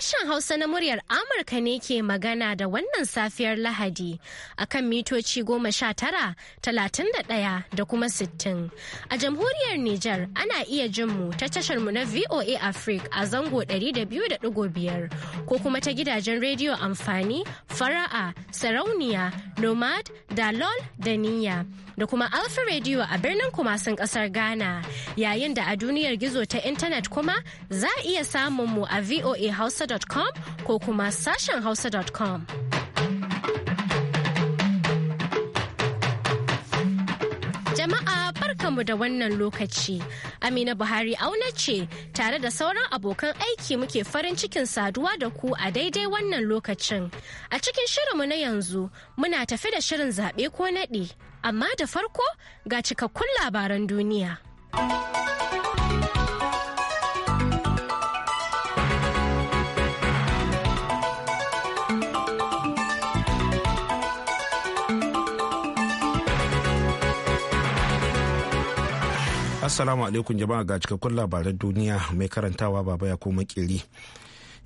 Sashen Hausa na muryar Amurka ne ke magana da wannan safiyar Lahadi a kan mitoci goma sha tara, talatin da ɗaya da kuma sittin. A jamhuriyar Nijar ana iya jin mu ta mu na VOA Africa a zango 200.5 ko kuma ta gidajen rediyo amfani, fara'a, sarauniya, nomad, dalol da niyya. Da kuma Alfa Radio a birnin kumasin kasar Ghana yayin da a duniyar gizo ta intanet kuma za a iya samun mu a voa hausa. hausa.com ko kuma sashen hausa.com. Jama'a barkanmu da wannan lokaci. Amina Buhari auna ce tare da sauran abokan aiki muke farin cikin saduwa da ku a daidai wannan lokacin. A cikin shirinmu na yanzu muna tafi da shirin zaɓe ko naɗi, amma da farko ga cikakkun labaran duniya. Assalamu alaikum jama'a ga cikakkun labaran duniya mai karantawa baba ya koma kiri.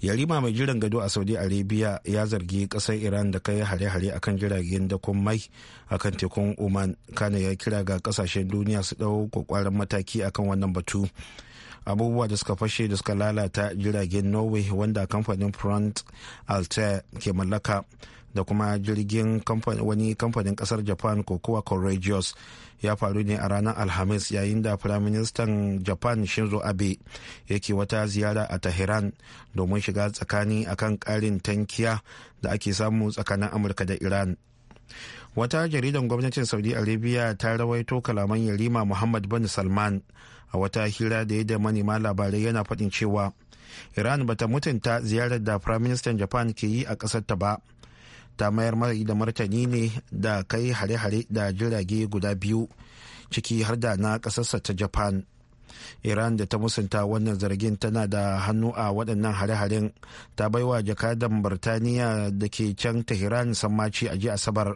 Yarima mai jiran gado a Saudi Arabia ya zargi kasar Iran da kai hare-hare akan jiragen da kun mai akan tekun Oman kana ya kira ga kasashen duniya su dau kwakwaran mataki akan wannan batu. Abubuwa da suka fashe da suka lalata jiragen Norway wanda kamfanin Front Altair ke mallaka da kuma jirgin wani kamfanin kasar japan kokowa courageous ya faru ne a ranar alhamis yayin da firaministan japan shinzo abe yake wata ziyara a tahiran domin shiga tsakani akan karin tankiya da ake samu tsakanin amurka da iran wata jaridan gwamnatin saudi arabia ta rawaito kalaman yarima muhammad bin salman a wata hira da ya da manema labarai yana faɗin cewa iran bata mutunta ziyarar da firaministan japan ke yi a ƙasarta ta ba ta mayar mai da martani ne da kai hare-hare da jirage guda biyu ciki har da na ƙasarsa ta japan iran da ta musanta wannan zargin tana da hannu a waɗannan hare-haren ta baiwa jakadan birtaniya da ke can tehran sammaci a ji asabar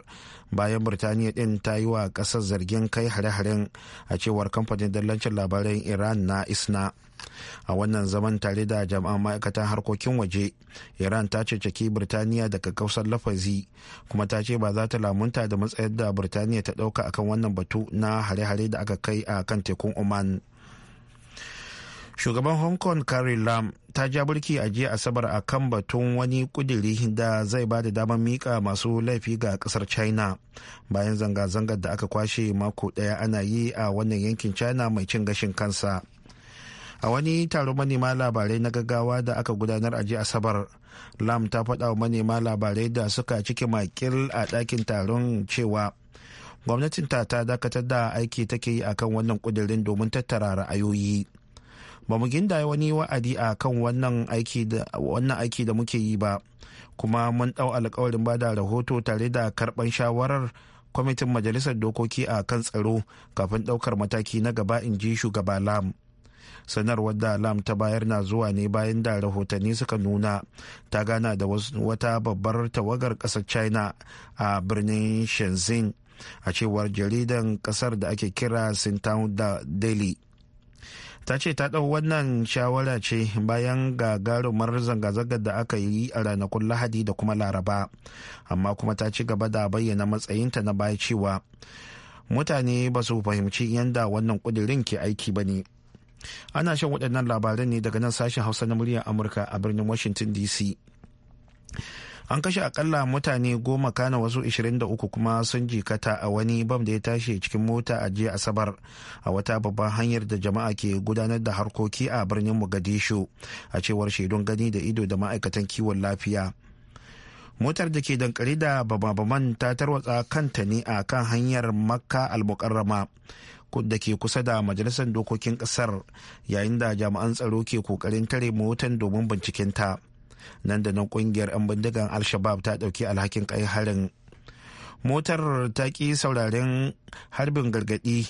bayan birtaniya ɗin ta yi wa ƙasar zargin kai hare-haren a cewar kamfanin dallancin labaran iran na isna a wannan zaman tare da jama'an ma'aikatan harkokin waje iran ta ceceki birtaniya daga kausar lafazi kuma ta ce ba za ta lamunta da matsayar da birtaniya ta ɗauka akan wannan batu na hare-hare da aka kai a kan tekun oman shugaban hong kong carrie lam ta ja burki a jiya asabar a kan batun wani kudiri da zai ba da damar mika masu laifi ga kasar china bayan zanga-zangar da aka kwashe mako daya ana yi a wannan yankin china mai cin gashin kansa a wani taron manema labarai na gaggawa da aka gudanar a jiya asabar lam ta faɗa wa manema labarai da suka ciki makil a ɗakin taron cewa gwamnatin ta ta dakatar da aiki take yi akan wannan kudirin domin tattara ra'ayoyi ba mu ginda wani wa'adi a kan wannan aiki da muke yi ba kuma mun ɗau alkawarin ba da rahoto tare da karɓar shawarar kwamitin majalisar dokoki a kan tsaro kafin ɗaukar mataki na gaba in ji shugaba lam sanarwar da lam ta bayar na zuwa ne bayan da rahotanni suka nuna ta gana da wata babbar tawagar kasar china a birnin shenzhen a cewar jaridan kasar da ake kira sintown da delhi. ta ce ta ɗau wannan shawara ce bayan gagarumar zanga-zangar da aka yi a ranakun lahadi da kuma laraba amma kuma ta ci gaba da bayyana matsayinta na baya cewa mutane ba su fahimci yadda wannan ƙudirin ke aiki ba ne ana shan waɗannan labaran ne daga nan sashen hausa na muryar amurka a birnin washington dc an kashe akalla mutane goma kana wasu 23 kuma sun jikata a wani bam da ya tashi cikin mota a jiya asabar a wata babban hanyar da jama'a ke gudanar da harkoki a birnin mugadishu a cewar shaidun gani da ido da ma'aikatan kiwon lafiya motar da ke dankali da bababaman ta tarwatsa kanta ne a kan hanyar makka almukarrama da ke kusa da majalisar dokokin kasar yayin da jami'an tsaro ke kokarin tare motan domin binciken ta nan da nan kungiyar 'yan bindigan al-shabab ta dauki alhakin kai harin motar ta ki sauraren harbin gargadi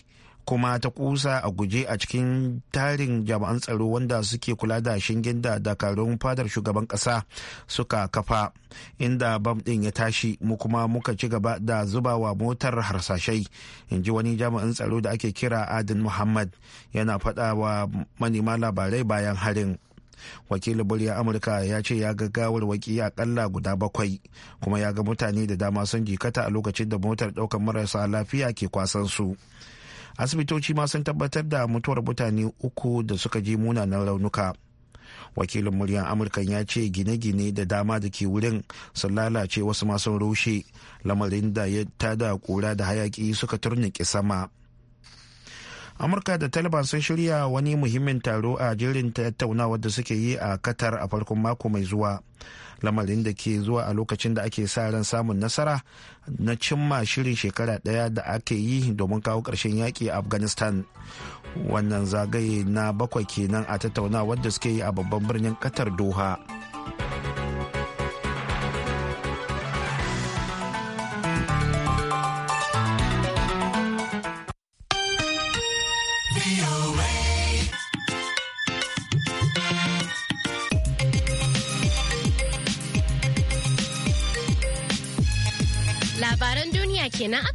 kuma ta kusa a guje a cikin tarin jami'an tsaro wanda suke kula da shingen da dakarun fadar shugaban kasa suka kafa inda bam din ya tashi mu kuma muka ci gaba da zubawa motar harsashai in ji wani jami'in tsaro da ake kira adin muhammad yana faɗa wa manema labarai bayan harin wakilin burya amurka ya ce ya ga gawarwaki akalla guda bakwai kuma ya ga mutane da dama sun jikata a lokacin da motar ɗaukar marasa lafiya ke kwasan su asibitoci ma sun tabbatar da mutuwar mutane uku da suka je munanan raunuka wakilin muryar amurka ya ce gine-gine da dama da ke wurin sun lalace wasu masu rushe lamarin da ya tada kura da hayaki suka turnike sama amurka da taliban sun shirya wani muhimmin taro a jerin tattaunawar da suke yi a qatar a farkon mako mai zuwa lamarin da ke zuwa a lokacin da ake sa ran samun nasara na cimma shirin shekara daya da ake yi domin kawo ƙarshen yaƙi a afghanistan wannan zagaye na bakwai kenan a tattaunawar da suke yi a babban birnin qatar doha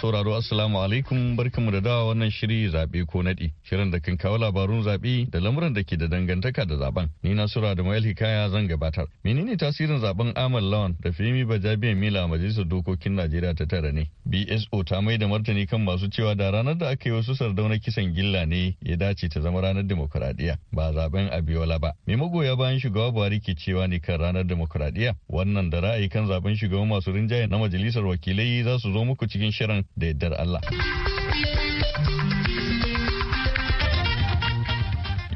sauraro assalamu alaikum mu da dawa wannan shiri zaɓe ko naɗi shirin da kan kawo labarun zaɓe da lamuran da ke da dangantaka da zaben ni na sura da mayal hikaya zan gabatar menene tasirin zaben amal lawan da femi bajabiyan mila a majalisar dokokin najeriya ta tara ne bso ta mai da martani kan masu cewa da ranar da aka yi wasu sardauna kisan gilla ne ya dace ta zama ranar demokuraɗiyya ba zaben abiola ba me magoya bayan shugaba buhari ke cewa ne kan ranar demokuraɗiyya wannan da ra'ayi kan zaben shugaban masu rinjaye na majalisar wakilai za su zo muku cikin shirin da yardar Allah.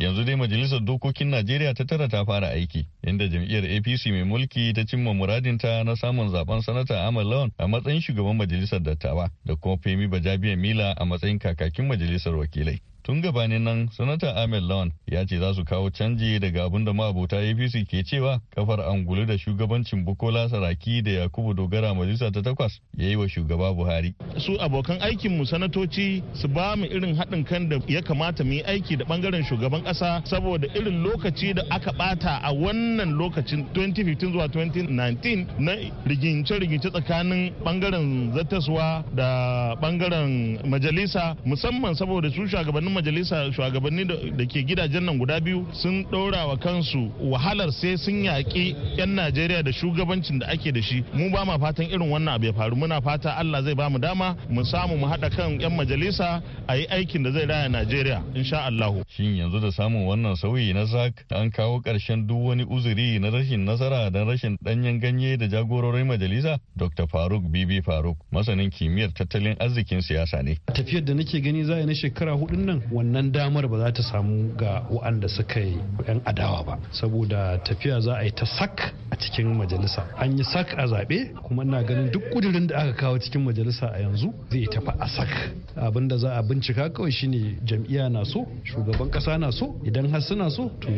yanzu dai majalisar dokokin najeriya ta tara ta fara aiki inda jam'iyyar apc mai mulki ta cimma muradinta na samun zaben sanata amal lawan a matsayin shugaban majalisar dattawa da kuma femi bajabiya mila a matsayin kakakin majalisar wakilai tun gabanin nan sanata ahmed lawan ya ce za su kawo canji daga abin da ma'abota apc ke cewa kafar angulu da shugabancin bukola saraki da yakubu dogara majalisa ta takwas ya yi wa shugaba buhari su abokan aikinmu sanatoci su ba mu irin haɗin kan da ya kamata mu yi aiki da bangaren shugaban ƙasa saboda irin lokaci da aka bata a wannan lokacin 2015 zuwa 2019 na rigince-rigince tsakanin bangaren zattaswa da bangaren majalisa musamman saboda su shugabannin majalisa shugabanni da ke gidajen nan guda biyu sun ɗora wa kansu wahalar sai sun yaƙi 'yan najeriya da shugabancin da ake da shi mu ba ma fatan irin wannan abu ya faru muna fata allah zai ba mu dama mu samu mu haɗa kan 'yan majalisa a yi aikin da zai raya najeriya insha allahu shin yanzu da samun wannan sauyi na zak an kawo ƙarshen duk wani uzuri na rashin nasara da rashin ɗanyen ganye da jagororin majalisa dr faruk bibi faruk masanin kimiyyar tattalin arzikin siyasa ne tafiyar da nake gani za na shekara hudun nan wannan damar ba za ta samu ga wa'anda suka yi 'yan adawa ba saboda tafiya za a yi ta sak a cikin majalisa an yi sak a zaɓe kuma na ganin duk kudirin da aka kawo cikin majalisa a yanzu zai tafi a sak abin da za a bincika kawai shine jam'iyya na so shugaban kasa na so idan har suna so to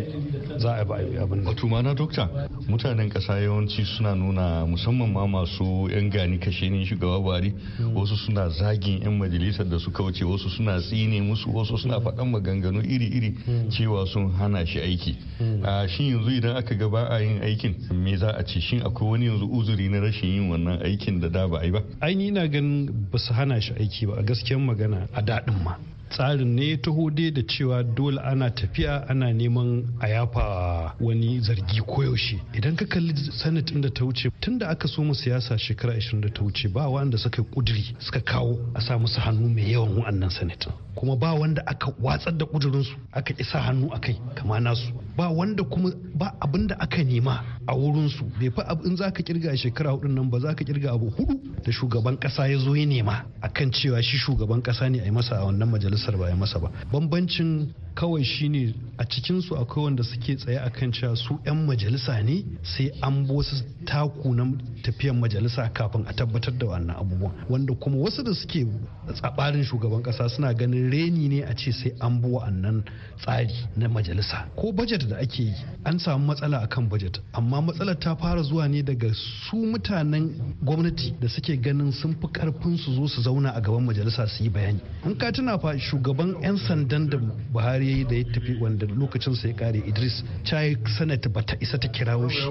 za a ba abin da wato mana dokta mutanen kasa yawanci suna nuna musamman ma masu yan gani kashe ne shugaba buhari hmm. wasu suna zagin yan majalisar da suka wuce wasu suna tsine musu wasu wasu suna hmm. faɗan maganganu iri-iri hmm. cewa sun hana shi aiki hmm. ah, shin yanzu idan aka gaba a yin aikin me za a ce shin akwai wani yanzu uzuri na rashin yin wannan aikin da da ba a yi ba aini na ganin ba su hana shi aiki ba a gaskiyar magana a daɗin ma tsarin ne ta hode da cewa dole ana tafiya ana neman a yafa wani zargi koyaushe idan ka kalli sanatin da ta wuce tun da aka so mu siyasa shekara 20 da ta wuce ba wanda suka yi kuduri suka kawo a sa musu hannu mai yawan wa'annan sanatin kuma ba wanda aka watsar da kudurinsu aka isa hannu a kai kama nasu ba wanda kuma ba abin da aka nema a wurinsu bai abu in za ka kirga a shekara hudun nan ba za ka kirga abu hudu da shugaban kasa ya zo ya nema akan cewa shi shugaban kasa ne a yi masa a wannan majalisar ba ya masa ba bambancin kawai shine a cikinsu akwai wanda suke tsaye a kan cewa su 'yan majalisa ne sai an wasu taku na tafiyan majalisa kafin a tabbatar da wannan abubuwa. wanda kuma wasu da suke tsabarin shugaban kasa suna ganin reni ne a ce sai an bi wa'annan tsari na majalisa ko bajet da ake yi an samu matsala akan bajet amma matsalar ta fara zuwa ne daga su mutanen gwamnati da suke ganin sun fi karfin su zo su zauna a gaban majalisa su yi bayani in ka tuna fa shugaban 'yan sandan da buhari yayi da ya tafi wanda lokacin sa ya kare Idris chai sanata ba ta isa ta kirawo shi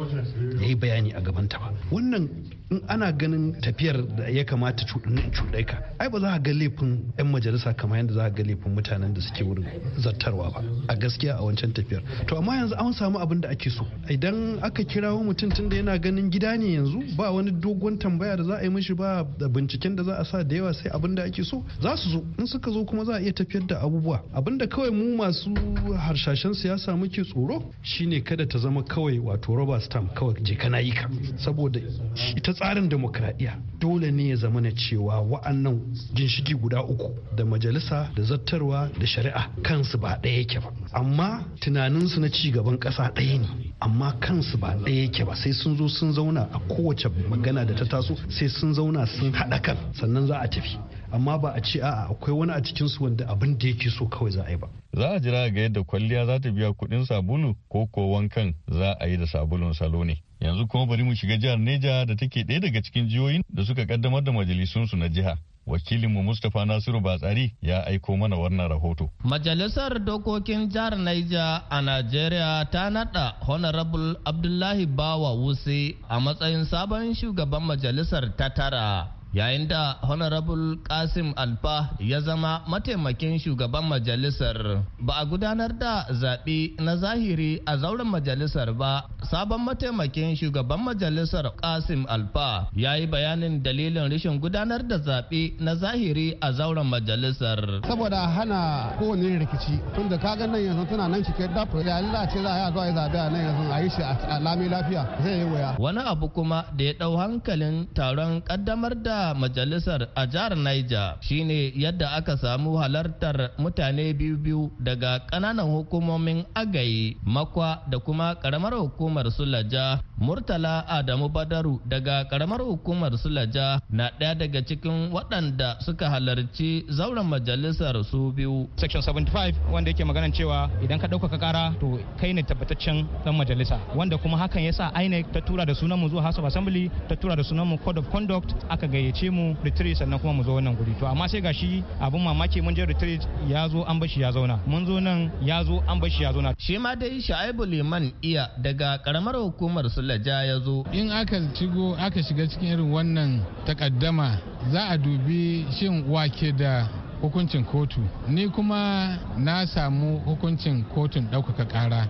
yayi bayani a gaban ta ba wannan in ana ganin tafiyar da ya kamata cuɗin cuɗai ka ai ba za ka ga laifin 'yan majalisa kamar yadda za ka ga laifin mutanen da suke wurin zartarwa ba a gaskiya a wancan tafiyar to amma yanzu an samu abin da ake so idan aka kirawo mutum tun da yana ganin gida ne yanzu ba wani dogon tambaya da za a yi mishi ba da binciken da za a sa da yawa sai abin da ake so za su zo in suka zo kuma za a iya tafiyar da abubuwa abin da kawai mu masu harshashen siyasa muke tsoro shine kada ta zama kawai wato roba stamp kawai je kana yi ka saboda ita tsarin demokradiyya dole ne ya zama na cewa wa'annan ginshiki guda uku da majalisa da zattarwa da shari'a kansu ba ɗaya yake ba amma tunaninsu na ci gaban ƙasa ɗaya ne amma kansu ba ɗaya yake ba sai sun zo sun zauna a kowace magana da ta taso sai sun zauna sun haɗa kan sannan za a tafi amma ba a ce a'a akwai wani a cikin su wanda abin da yake so kawai za a yi ba za a jira ga yadda kwalliya za ta biya kuɗin sabulu ko ko wankan za a yi da sabulun salo ne yanzu kuma bari mu shiga jihar neja da take ɗaya daga cikin jihohin da suka kaddamar da majalisunsu na jiha wakilinmu Mustapha Nasiru Batsari ya aiko mana wannan rahoto. Majalisar Dokokin Jihar Naija a Najeriya ta nada Honorable Abdullahi Bawa Wuse a matsayin sabon shugaban majalisar ta tara. yayin da honorable kasim alfa ya zama mataimakin shugaban majalisar ba a gudanar da zaɓe na zahiri a zauren majalisar ba sabon mataimakin shugaban majalisar kasim alfa ya yi bayanin dalilin rashin gudanar da zaɓe na zahiri a zauren majalisar saboda hana kowane rikici tun da kagan nan yanzu tana nan cike da ya za ce za a yi zuwa zaɓe a nan yanzu a shi a lami lafiya zai yi wuya wani abu kuma da ya ɗau hankalin taron ƙaddamar da majalisar a jihar Niger shine yadda aka samu halartar mutane biyu-biyu daga kananan hukumomin agayi makwa da kuma karamar hukumar Sulaja. Murtala Adamu Badaru daga karamar hukumar Sulaja na ɗaya daga cikin waɗanda suka halarci zauren majalisar su biyu. Section 75 wanda yake maganan cewa idan ka ɗaukaka kara to kai ne tabbataccen ɗan majalisa wanda kuma hakan yasa INEC ta tura da sunan mu zuwa House of Assembly ta tura da sunan mu Code of Conduct aka gayyaci gayyace mu retreat sannan kuma mu zo wannan guri to amma sai gashi abin mamaki mun je retreat ya zo an bashi ya zauna mun zo nan ya zo an bashi ya zauna shi ma dai Sha'ibu Liman iya daga karamar hukumar Sulaja ya zo in aka shigo aka shiga cikin irin wannan takaddama za a dubi shin wake da hukuncin kotu ni kuma na samu hukuncin kotun ɗaukaka ƙara.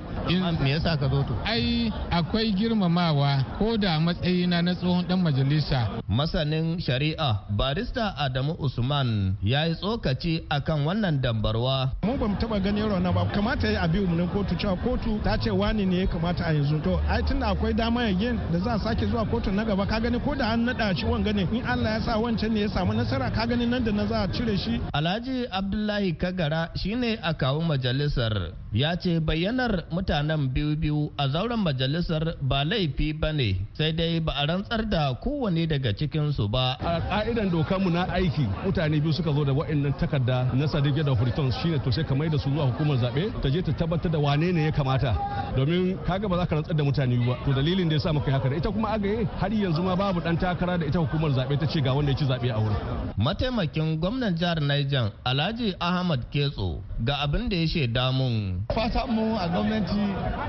me yasa ka zo to ai akwai girmamawa ko da matsayina na tsohon dan majalisa masanin shari'a barista adamu usman ya yi tsokaci akan wannan dambarwa mu bamu taba gani na ba kamata ya abi mu kotu cewa kotu ta ce wani ne ya kamata a yanzu to ai tunda akwai dama ya yin da za a sake zuwa kotu na gaba ka gani ko da an naɗa shi wan ne in Allah ya sa wancan ne ya samu nasara ka gani nan da na za a cire shi Alhaji Abdullahi Kagara shine a kawo majalisar ya ce bayyanar mutanen biyu-biyu a zauren majalisar ba laifi ba ne sai dai ba a rantsar da kowane daga cikinsu ba. a ka'idan dokanmu na aiki mutane biyu suka zo da wa'annan takarda na sadiq da furton shine ne sai kamar da su zuwa hukumar zaɓe ta je ta tabbatar da wane ne ya kamata domin kaga ba za ka rantsar da mutane ba to dalilin da ya sa muka yi haka ita kuma agaye har yanzu ma babu dan takara da ita hukumar zaɓe ta ce ga wanda ya ci zaɓe a wurin. mataimakin gwamnan jihar Niger Alhaji Ahmad Ketso ga abin da ya shaida mun Fatan mu a gwamnati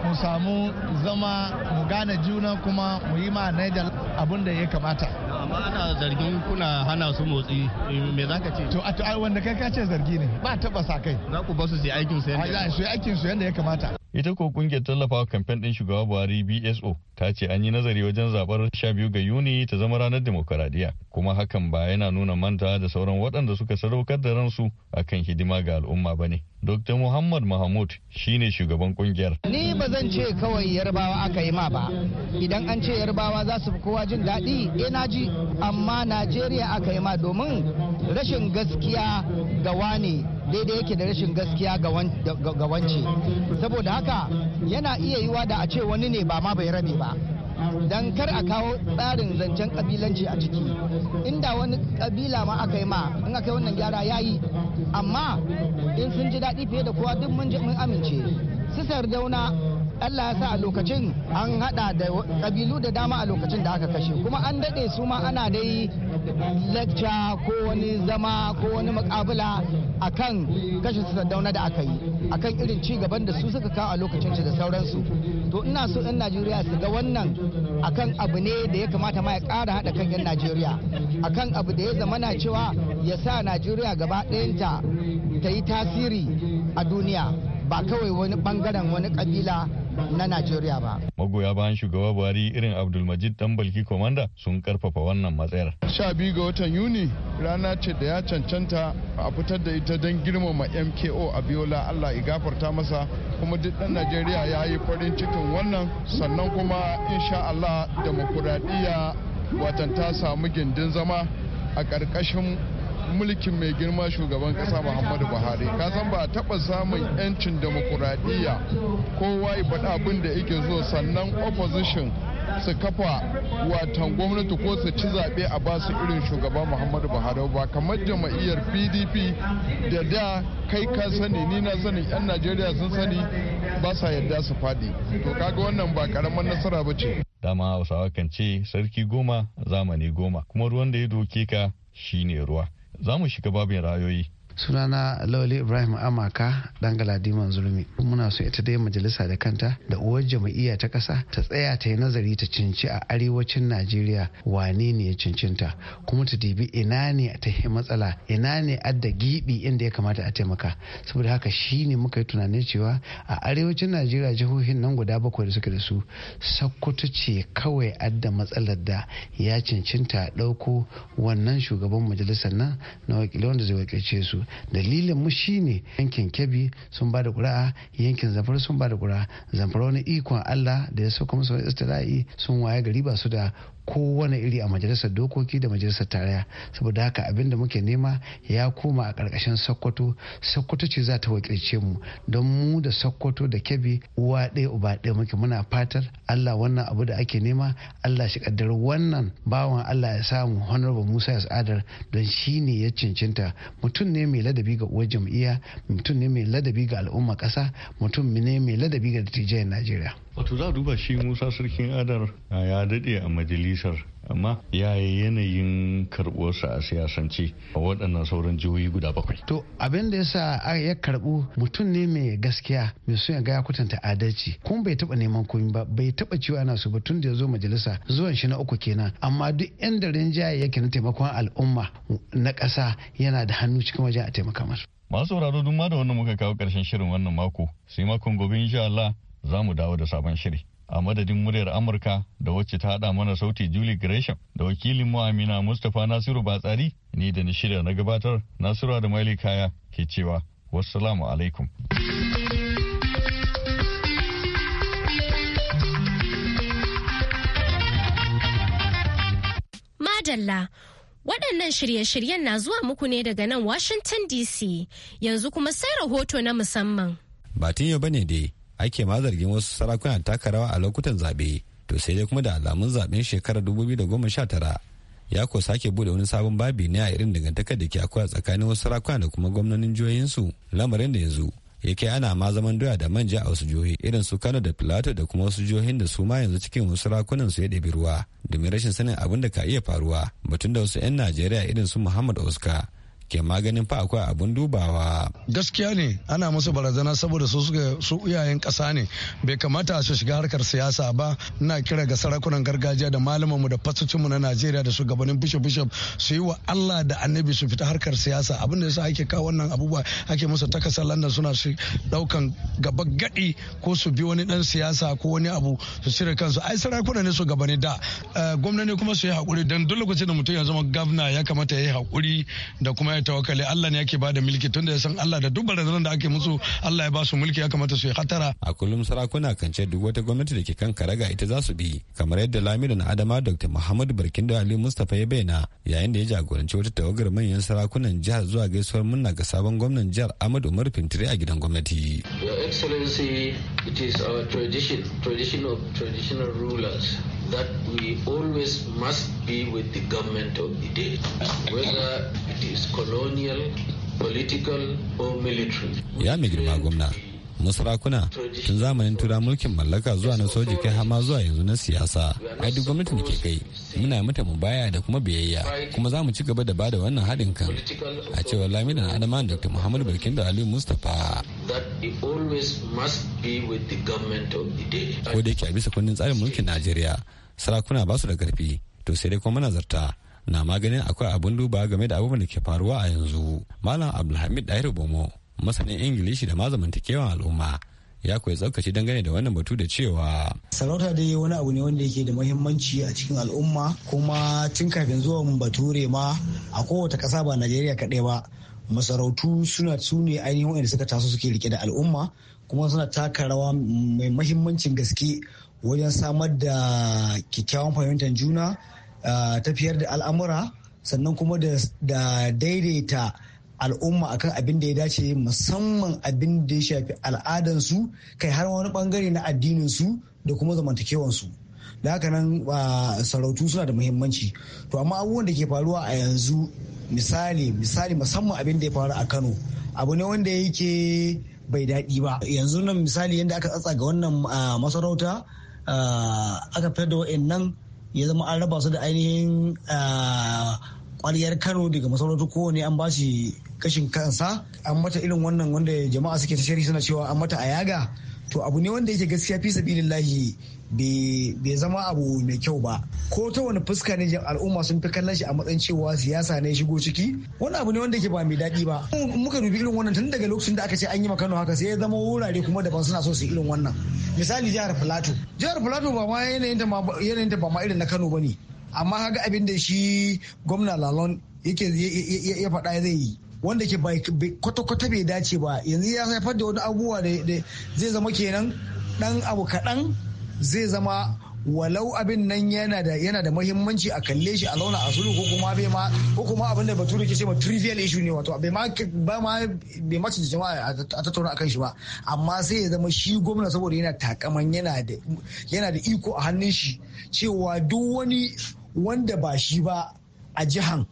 mu samu zama mu gane juna kuma mu yi ma Niger abin da ya kamata. Amma ana zargin kuna hana su motsi me za ka ce? To a wanda kai ka ce zargi ne ba taba sa kai. Za ku ba su su yi aikin su yadda ya kamata. aikin su yadda ya kamata. Ita ko kungiyar tallafawa kamfen din shugaba Buhari BSO ta ce an yi nazari wajen zabar 12 ga Yuni ta zama ranar demokaradiyya. kuma hakan ba yana nuna manta da sauran waɗanda suka sadaukar da ransu akan hidima ga al'umma ba ne. Dr. Muhammad Mahmud shine shugaban kungiyar. Ni ba zan ce kawai yarbawa aka yi ma ba. Idan an ce yarbawa za su fi kowa jin daɗi, eh na ji, amma Najeriya aka yi ma domin rashin gaskiya ga wani daidai yake da rashin gaskiya ga wance. Saboda haka yana iya yiwa da a ce wani ne ba ma bai rabe ba. don kar a kawo tsarin zancen kabilanci a ciki inda wani kabila ma aka yi ma in aka yi wannan gyara ya yi amma in sun ji daɗi fiye da kowa duk mun amince su sardauna Allah ya sa a lokacin an hada da kabilu da dama a lokacin da aka kashe kuma an dade su ma ana dai lecture ko wani zama ko wani mukabula akan kashe sadauna da aka yi akan irin ci gaban da su suka kawo a lokacin da sauransu to ina so 'yan Najeriya su ga wannan akan abu ne da ya kamata ma ya kara hada kan 'yan Najeriya akan abu da ya zama na cewa ya sa Najeriya gaba ɗayanta ta yi tasiri a duniya ba kawai wani bangaren wani kabila na Najeriya ba. Magoya bayan shugaba Buhari irin Abdulmajid Tambalki Komanda sun karfafa wannan matsayar. Sha biyu ga watan Yuni rana ce da ya cancanta a fitar da ita don girmama MKO Abiola Allah ya gafarta masa kuma duk ɗan Najeriya ya yi farin cikin wannan sannan kuma insha Allah demokuraɗiyya watan ta samu gindin zama a ƙarƙashin mulkin mai girma shugaban kasa muhammadu buhari ka san ba taba samun yancin demokuraɗiyya kowa ya faɗa abin da yake zo sannan opposition su kafa watan gwamnati ko su ci zaɓe a basu irin shugaba muhammadu buhari ba kamar jama'iyyar pdp da da kai ka sani ni na sani 'yan najeriya sun sani ba sa yadda su faɗi to kaga wannan ba karamar nasara ba ce dama hausawa kan ce sarki goma zamani goma kuma ruwan da ya doke ka shine ruwa za mu shiga babin rayoyi sunana lawali ibrahim amaka dan galadiman zulumi muna so ita dai majalisa da kanta da uwar jam'iyya ta kasa ta tsaya ta yi nazari ta cinci a arewacin najeriya wane ne ya cincinta kuma ta dibi ina ne ta yi matsala ina ne adda gibi inda ya kamata a taimaka saboda haka shi ne muka yi tunanin cewa a arewacin najeriya jihohin nan guda bakwai da suke da su sakkwato ce kawai adda matsalar da ya cincinta ɗauko wannan shugaban majalisar nan na wakilai wanda zai wakilce su dalilin mu shine yankin kebbi sun ba da ƙuri'a yankin zamfara sun ba da kura'a zamfara wani ikon allah da ya sauka musu wani istila'i sun waye gari ba su da kowane iri a majalisar dokoki da majalisar tarayya saboda haka abin da muke nema ya koma a ƙarƙashin sokoto sokoto ce za ta wakilce mu don mu da sokoto da kebbi uwa ɗaya uba ɗaya muke muna fatar allah wannan abu da ake nema allah shi kaddar wannan bawan allah ya samu honorable musa ya tsadar don shi ne ya cincinta mutum ne mai ladabi ga uwar jam'iyya mutum ne mai ladabi ga al'umma ƙasa mutum ne mai ladabi ga dattijan najeriya wato za a duba shi musa sarkin adar ya daɗe a majalisar amma ya yi yanayin karbuwarsa a siyasance a waɗannan sauran jihohi guda bakwai. To abin da yasa ya karbu mutum ne mai gaskiya mai son ya ga ya kwatanta adalci kuma bai taɓa neman komi ba bai taɓa cewa yana su tun da ya zo majalisa zuwan shi na uku kenan amma duk yan da jihar yake na taimakon al'umma na ƙasa yana da hannu cikin wajen a taimaka masu. Masu sauraro duk ma da wannan muka kawo karshen shirin wannan mako sai makon gobe insha Allah za mu dawo da sabon shiri. A madadin muryar Amurka da wacce ta haɗa mana sauti Julie Gresham da wakilin mu Amina Mustapha Nasiru Batsari ni da ni shirya na gabatar Nasiru da Malikaya Kaya ke cewa wassalamu alaikum. Madalla Waɗannan shirye-shiryen na zuwa muku ne daga nan Washington DC yanzu kuma sai rahoto na musamman. Ba yau bane dai ake ma zargin wasu sarakuna taka rawa a lokutan zaɓe to sai dai kuma da alamun zaɓen shekarar 2019 ya ko sake bude wani sabon babi ne a irin dangantakar da ke akwai a tsakanin wasu sarakuna da kuma gwamnonin jihohinsu lamarin da yanzu ya kai ana ma zaman doya da manja a wasu jihohi irin su kano da filato da kuma wasu jihohin da su ma yanzu cikin wasu sarakunan su ya ɗabi ruwa domin rashin sanin abin da ka iya faruwa batun da wasu 'yan najeriya irin su muhammad oska ke maganin fa akwai abun dubawa. Gaskiya ne ana musu barazana saboda su suka su iyayen kasa ne bai kamata su shiga harkar siyasa ba ina kira ga sarakunan gargajiya da mu da mu na Najeriya da shugabannin bishop bishop su yi wa Allah da annabi su fita harkar siyasa abin da yasa ake kawo wannan abubuwa ake musu takasar landan suna su daukan gaba gadi ko su bi wani dan siyasa ko wani abu su cire kansu ai sarakuna ne su gabani da eh, gwamnati kuma su yi hakuri dan duk lokacin da mutum ya zama gwamna ya kamata ya yi hakuri da kuma ya tawakkali Allah ne yake bada mulki tunda ya san Allah da duk barazanar da ake musu Allah ya ba su mulki ya kamata su yi hatara a kullum sarakuna kan ce duk wata gwamnati da ke kan karaga ita za su bi kamar yadda lamirin Adama Dr. Muhammadu Barkindo Ali Mustapha ya bayyana yayin da ya jagoranci wata tawagar manyan sarakunan jihar zuwa gaisuwar murna ga sabon gwamnan jihar Ahmadu Umar Fintiri a gidan gwamnati Your Excellency it is our tradition tradition of traditional rulers that we always must be with the government of the day whether Ya mai girma gwamna, mu sarakuna tun zamanin tura mulkin mallaka zuwa na soji kai hama zuwa yanzu na siyasa ai duk gwamnatin da ke kai muna mata mu baya da kuma biyayya kuma za mu ci gaba da bada wannan haɗin kan a cewar lamidan adama dr Muhammadu barkin da aliyu mustapha ko da yake a bisa kundin tsarin mulkin najeriya sarakuna ba su da karfi to sai dai kuma zarta. na maganin akwai abun duba game da abubuwan da ke faruwa a yanzu malam abdulhamid dahir bomo masanin ingilishi da mazamantakewan al'umma ya koyi tsaukaci dangane da wannan batu da cewa sarauta dai wani abu ne wanda yake da mahimmanci a cikin al'umma kuma tun kafin zuwan bature ma a kowace kasa ba najeriya kaɗai ba masarautu suna su ne ainihin wanda suka taso suke rike da al'umma kuma suna taka rawa mai mahimmancin gaske wajen samar da kyakkyawan fahimtar juna tafiyar da al'amura sannan kuma da daidaita al'umma akan abin da ya dace musamman abin da ya shafi al'adansu kai har wani bangare na addininsu da kuma zamantakewansu da haka nan sarautu suna da muhimmanci to amma abubuwan da ke faruwa a yanzu misali misali musamman abin da ya faru a kano abu ne wanda yake bai daɗi ba yanzu nan misali yadda aka tsatsa ga wannan masarauta aka fitar da waɗannan. ya zama an raba su da ainihin kwaryar ah, kano daga masarautar kowane an ba shi kashin kansa an mata irin wannan wanda jama'a suke ta sharhi suna cewa an mata a yaga to abu ne wanda yake gaskiya fi sabilillahi bai zama abu mai kyau ba ko ta wani fuska ne al'umma sun fi kallon shi a matsayin cewa siyasa ne shigo ciki wani abu ne wanda ke ba mai daɗi ba muka dubi irin wannan tun daga lokacin da aka ce an yi makano haka sai ya zama wurare kuma daban suna so su irin wannan misali jihar filato jihar filato ba ma yanayin ta ba ma irin na kano ba ne amma haka abin da shi gwamna lalon yake ya faɗa zai yi wanda ke kwata-kwata bai dace ba yanzu ya haifar da wani abubuwa da zai zama kenan dan abu kaɗan zai zama walau abin nan yana da yana da muhimmanci a kalle shi a launa a sulhu ko kuma bai ma ko kuma abin da bature ke ce ma trivial issue ne wato bai ma ba ma bai ma jama'a a tattauna akan shi ba amma sai ya zama shi gwamna saboda yana takaman yana da yana da iko a hannun shi cewa duk wani wanda ba shi ba a jihan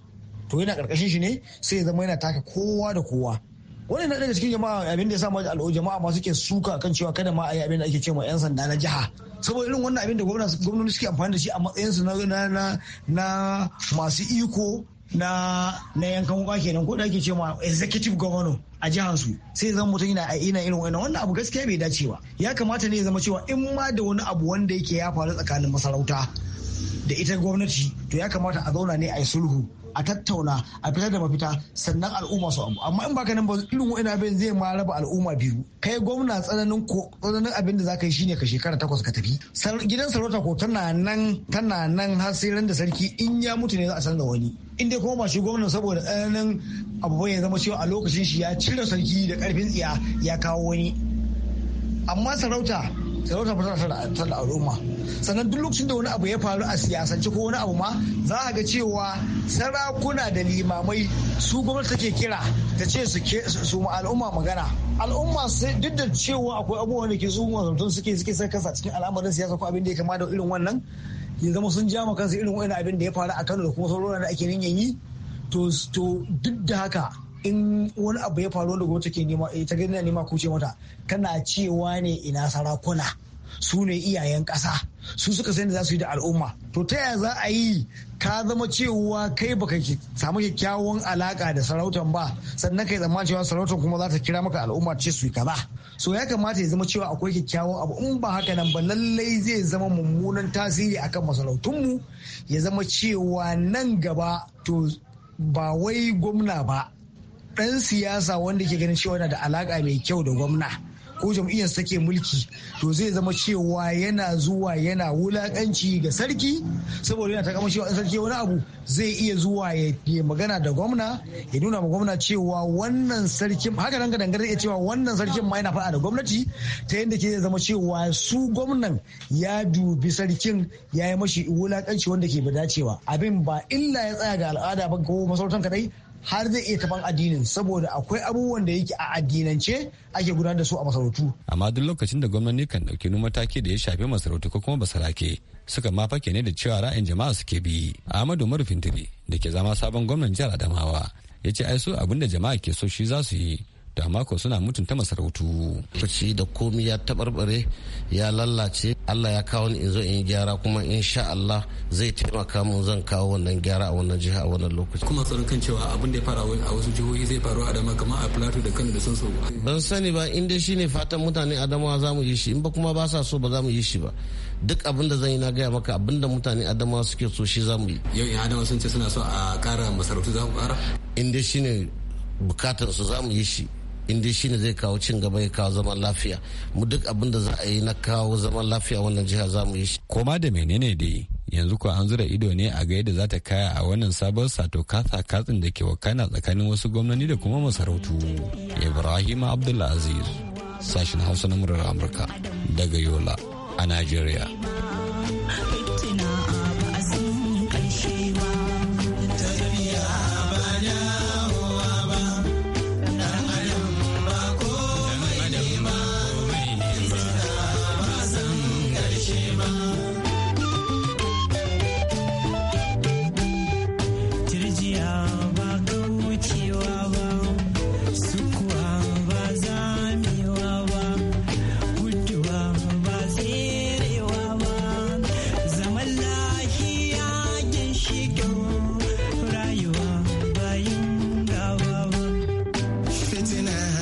to yana karkashin shi ne sai ya zama yana taka kowa da kowa wani na daga cikin jama'a abin da ya samu jama'a masu ke suka kan cewa kada ma a yi abin da ake cewa yan sanda na jiha saboda irin wannan abin da gwamnati suke amfani da shi a matsayinsu na na masu iko na na yankan wuka kenan ko da ake cewa executive governor a jihar su sai zan mutum yana ina irin wannan wannan abu gaskiya bai dace ba ya kamata ne ya zama cewa in ma da wani abu wanda yake ya faru tsakanin masarauta da ita gwamnati to ya kamata a zauna ne a yi sulhu a tattauna a fitar da mafita sannan al'umma su abu amma in baka nan ba irin wani abin zai ma raba al'umma biyu kai gwamna tsananin ko tsananin abin da zaka yi shine ka shekara takwas ka tafi gidan sarauta ko tana nan tana nan har sai ran da sarki in ya mutu ne za a san da wani in dai kuma ba shi saboda tsananin abu ya zama cewa a lokacin shi ya cire sarki da karfin tsiya ya kawo wani amma sarauta sarauta ba ta da al'umma sannan duk lokacin da wani abu ya faru a siyasance ko wani abu ma za a ga cewa sarakuna da limamai su gwamnati take kira ta ce su ma al'umma magana al'umma sai duk da cewa akwai abubuwan da ke su mazantun suke suke sai kasa cikin al'amarin siyasa ko abin da ya kama da irin wannan ya zama sun ja ma kansu irin wani abin da ya faru a Kano da kuma sauran da ake yin yi to duk da haka in wani abu ya faru da gwamnati ke nema eh, ta gina nema kuce mata kana cewa ne ina sarakuna su ne iyayen ƙasa su suka sani da za su yi da al'umma to ta yaya za a yi ka zama cewa kai baka samu kyakkyawan alaka da sarautan ba sannan kai zama cewa sarautan kuma za ta kira maka al'umma ce su yi kaza so ya kamata ya zama cewa akwai kyakkyawan abu in ba haka nan ba lallai zai zama mummunan tasiri akan masarautunmu ya zama cewa nan gaba to ba wai gwamna ba dan siyasa wanda ke ganin cewa yana da alaka mai kyau da gwamna ko jam'iyyar take mulki to zai zama cewa yana zuwa yana wulaƙanci ga sarki saboda yana takama cewa sarki wani abu zai iya zuwa ya magana da gwamna ya nuna ma gwamna cewa wannan sarkin haka nan ga dangane cewa wannan sarkin ma yana fada da gwamnati ta yadda ke zama cewa su gwamnan ya dubi sarkin ya yi mashi wulakanci wanda ke dacewa abin ba illa ya tsaya ga al'ada ba ko masarautar kadai har zai iya taban addinin saboda akwai abubuwan da yake a addinance ake gudanar da su a masarautu. Amma duk lokacin da gwamnati kan ɗauki mataki da ya shafi masarautu ko kuma basarake suka ma fake ne da cewa ra'ayin jama'a suke bi. Ahmadu Umaru Fintiri da ke zama sabon gwamnan jihar Adamawa ya ce ai su abin da jama'a ke so shi za su yi da mako suna mutunta masarautu. Fici da komi ya taɓarɓare ya lallace Allah ya kawo ni in zo in yi gyara kuma insha Allah zai taimaka mu zan kawo wannan gyara a wannan jiha a wannan lokaci. Kuma tsoron kan cewa abin da ya fara a wasu jihohi zai faru a Adama kamar a Plateau da Kano da sun so. Ban sani ba in dai shine fatan mutane Adamawa za mu yi shi in ba kuma ba sa so ba za mu yi shi ba. Duk abin da zan yi na gaya maka abin da mutane Adamawa suke so shi za mu yi. Yau in Adamawa sun ce suna so a ƙara masarautu za ku ƙara? In dai shine bukatar su za mu yi shi. inda shi ne zai kawo cin gaba ya kawo zaman lafiya mu duk abin da za a yi na kawo zaman lafiya wannan jiha za mu yi shi. koma da menene dai yanzu ko an zura ido ne a ga yadda za ta kaya a wannan sabon sato kasa katsin da ke wakana tsakanin wasu gwamnati da kuma masarautu ibrahim abdulaziz sashen hausa na murar amurka daga yola a nigeria. Tonight.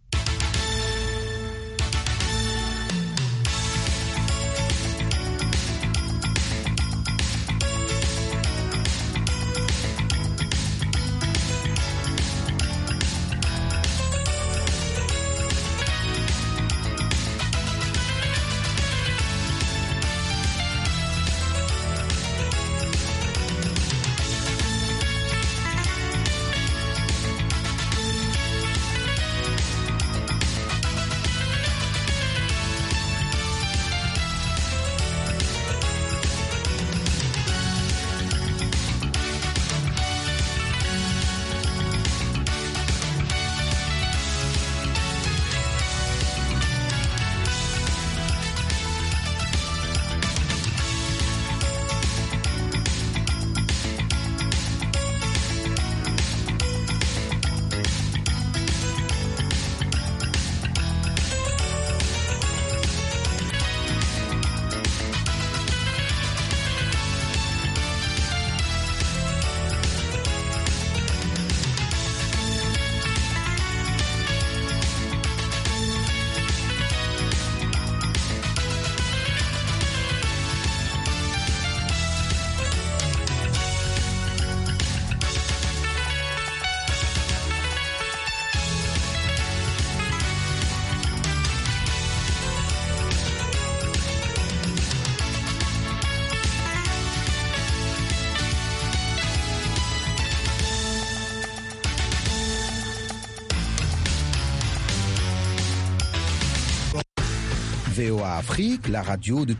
VOA Afrique, la radio de